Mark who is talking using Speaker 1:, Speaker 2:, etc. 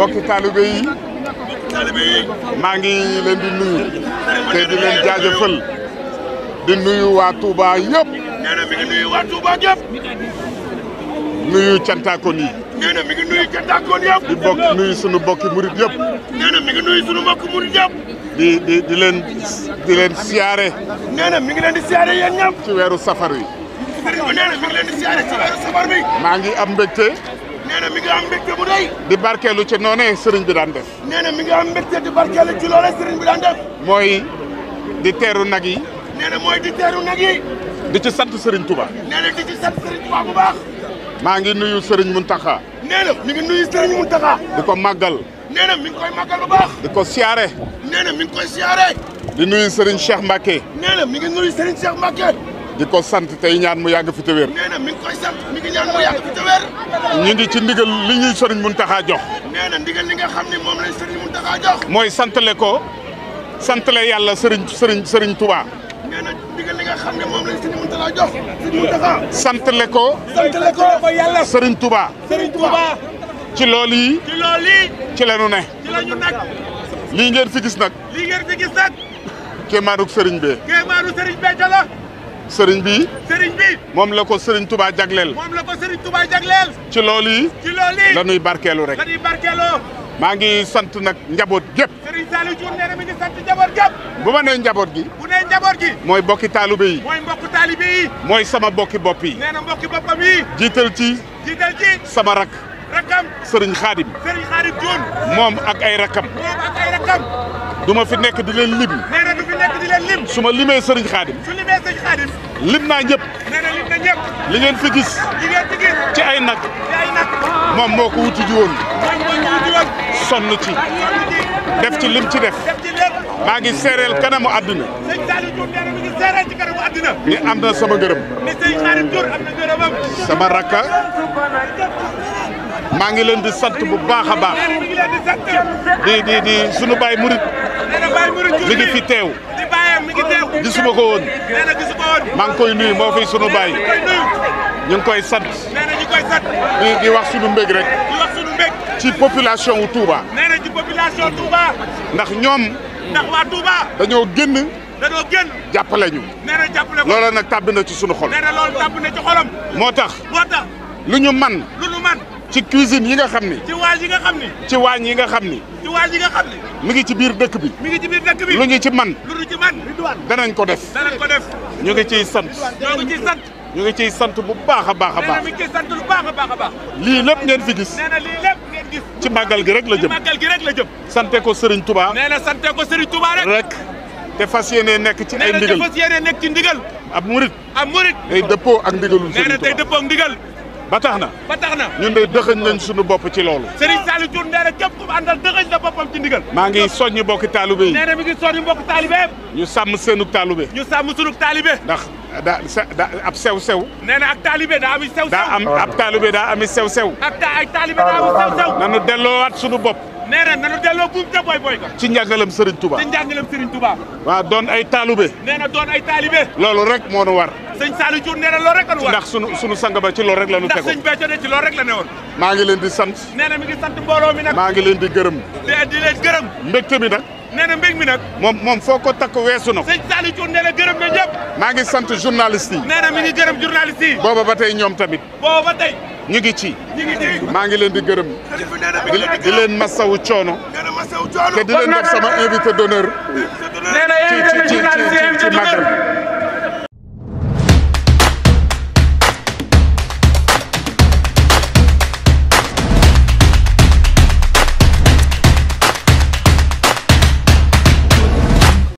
Speaker 1: mbokki taalibe maa ngi leen di nuyu te di leen di nuyu waa Touba yëpp.
Speaker 2: nuyu waa Touba yëpp.
Speaker 1: nuyu yi. nee na mi ngi nuyu
Speaker 2: cantaakon yëpp.
Speaker 1: di sunu mbokki murit yëpp. ngi nuyu di di siyaare. ci weeru safar maa ngi am mbégte. nee mi ngi am mbégte bu rëy. di barkeelu ci noonee sëriñ bi daan def.
Speaker 2: mi ngi am mbégte di barkeelu ci sëriñ bi daan
Speaker 1: mooy di teeru nag yi.
Speaker 2: nee mooy di teeru nag yi.
Speaker 1: di ci sant sëriñ Touba.
Speaker 2: nee na di ci sant sëriñ Touba bu baax.
Speaker 1: maa ngi nuyu sëriñ Mountakha.
Speaker 2: nee mi ngi nuyu sëriñ Mountakha.
Speaker 1: di ko màggal.
Speaker 2: nee mi ngi koy màggal bu baax.
Speaker 1: di ko siyaare. nee
Speaker 2: mi ngi koy siyaare.
Speaker 1: di nuyu sëriñ Cheikh Mbacke. nee na mi ngi nuyu sëriñ Cheikh Mbacke. di ko sant tey ñaan mu yàgg fi te wér. mu ngi ci ndigal li ñuy sëriñ Muntaxa jox. jox. mooy santale ko santale yàlla sëriñ sëriñ sëriñ Touba. santale ko. yàlla sëriñ tuba ci loolu yi. ci
Speaker 2: loolu yi.
Speaker 3: ci la
Speaker 1: ne. ci la ñu nag. lii ngeen fi gis nag. lii ngeen sëriñ bee. sëriñ bi sëriñ bi moom la ko sëriñ Touba jagleel moom la ci loolu yi ci barkeelu rek maa ngi sant nag njaboot gépp
Speaker 3: sëriñ Saliou Thioune nee mi njaboot gépp
Speaker 1: bu ma njaboot gi
Speaker 3: bu nee njaboot gi mooy
Speaker 1: bokki taalibe yi mooy sama bokki bopp yi nee na jiital ci jiital ci sama rak rakam sëriñ Xaadim
Speaker 3: sëriñ moom ak
Speaker 1: ay rakam du ma fi nekk di leen
Speaker 3: lim su ma limee sëriñ Xaadim sëriñ Xaadim lim naa ñëpp. li ngeen fi gis. ci ay nag. moom moo ko wuti ji
Speaker 1: woon. sonn ci. def ci lim ci def. maa ngi seereel kanamu àdduna. sëñ
Speaker 3: Saliou
Speaker 1: ngi am na sama gërëm.
Speaker 3: sama rakka. maa ngi leen di sant bu baax a baax. di sunu baay murit mi ngi fi teew. gisuma ko woon maa ngi koy nuyu moo fiy sunu baay koy sat di di wax
Speaker 1: sunu mbég rek ci population wu Touba. nee na ndax ñoom. ndax waa Touba. dañoo génn. dañoo génn jàppale ñu. nee na jàppale ko na ci sunu xol. moo tax. moo tax lu ñu man lu ñu man. ci cuisine yi nga xam ni. ci
Speaker 3: waañ yi nga xam ni. ci yi nga xam ni. ci waañ yi nga
Speaker 1: mi ngi ci biir dëkk bi. mi
Speaker 3: ngi ci biir bi lu ñu ci man lu ñu ci danañ ko def. danañ ko def. ñu ngi ciy sant. ñu
Speaker 1: ngi ciy sant. ñu ngi ciy sant bu baax a baax a baax.
Speaker 3: bu baax a baax baax.
Speaker 1: lii lépp ngeen fi gis.
Speaker 3: na lii lépp ngeen gis.
Speaker 1: ci màggal gi rek la jëm ci màggal gi la jëm. sante ko sëriñ Touba. nee na sante ko sëriñ Touba rek. rek te fas yéenee nekk ci ay ndigal nee
Speaker 3: na te nekk ci
Speaker 1: ndigal. ab murit. ab murit. day dëppoo ak ndigalul Serigne Touba nee day dëppoo ak ndigal ba tax na ba tax na ñun de dëxëñ nañ suñu bopp ci loolu
Speaker 3: Serigne Saliou Thioune nee na képp ku mu àndal dëxëñ na boppam ci ndigal
Speaker 1: maa ngi soññ mbokki taalibe yi nee na
Speaker 3: mi ngi soññ mbokki taalibe
Speaker 1: ñu sàmm seenug taalibe ñu sàmm sunug taalibe ndax daa da ab sew sew nee na ak taalibe daa ami sew sew daa am ab taalibe daa ami sew sew
Speaker 3: ak ay taalibe daa ami sew sew bopp nee na nanu delloo buum ca boy boy ka ci
Speaker 1: njàngalam Serigne Touba ci njàngalam Serigne doon ay taalibe be na loolu rek moo nu war sëñ Saliou Diouf nee na loolu rek la nu war ndax sunu sunu sang ba ci loolu rek la nu tegu ndax sëñ Béthio de ci loolu rek la ne woon maa ngi leen di sant nee mi ngi sant mbooloo mi maa ngi leen di gërëm di leen gërëm mbégte mi nag nee na mbég mi nag moom moom foo ko takk weesu na ko
Speaker 3: sëñ Saliou Thioune nee na gërëm na
Speaker 1: maa ngi sant journaliste yi nee na mi ngi booba ba tey ñoom tamit booba ba ngi ci maa ngi leen di gërëm di leen masawu coono te di leen def sama invité d'honneur nee na ci ci ci màggal